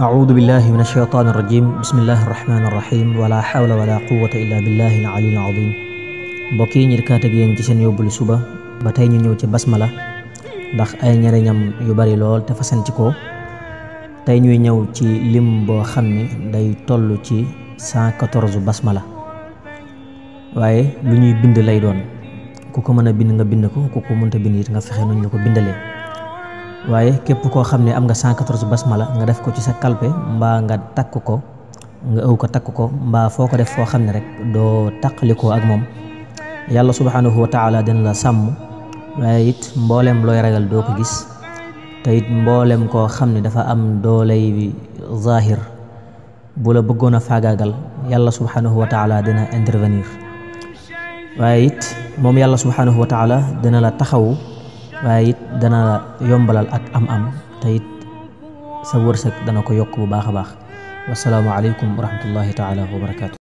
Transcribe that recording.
أعوذ بالله من الشيطان الرجيم بسم الله الرحمن الرحيم ولا حول ولا قوة إلا mbokk yi ñir kaat ak ci seen suba ba tey ñu ñëw ci basmala ndax ay njariñam yu bari lool te fasanti ko tey ñuy ñëw ci lim boo xam day toll ci 114 basmala waaye lu ñuy bind lay doon ku ko bind nga bind ko ku ko mënta bind nga fexe nuñ ko waaye képp koo xam ne am nga 114 basmala nga def ko ci sa kalpe mbaa nga takk ko nga aw ko takk ko mbaa foo ko def foo xam ne rek doo taqalikoo ak moom yàlla subhanahu wa taala dina la sàmm waaye it mboolem looy ragal doo ko gis te it mboolem koo xam ne dafa am doolay zahir bu la bëggoon a faagaagal yàlla subhanahu wa taala dina intervenir waaye it moom yàlla subhanahu wa taala dina la taxawu waaye it dana yombalal ak am-am te it sa wërsëg dana ko yokk bu baax a baax wasalaamualeykum wa rahmatullahi taala wa barakaatu.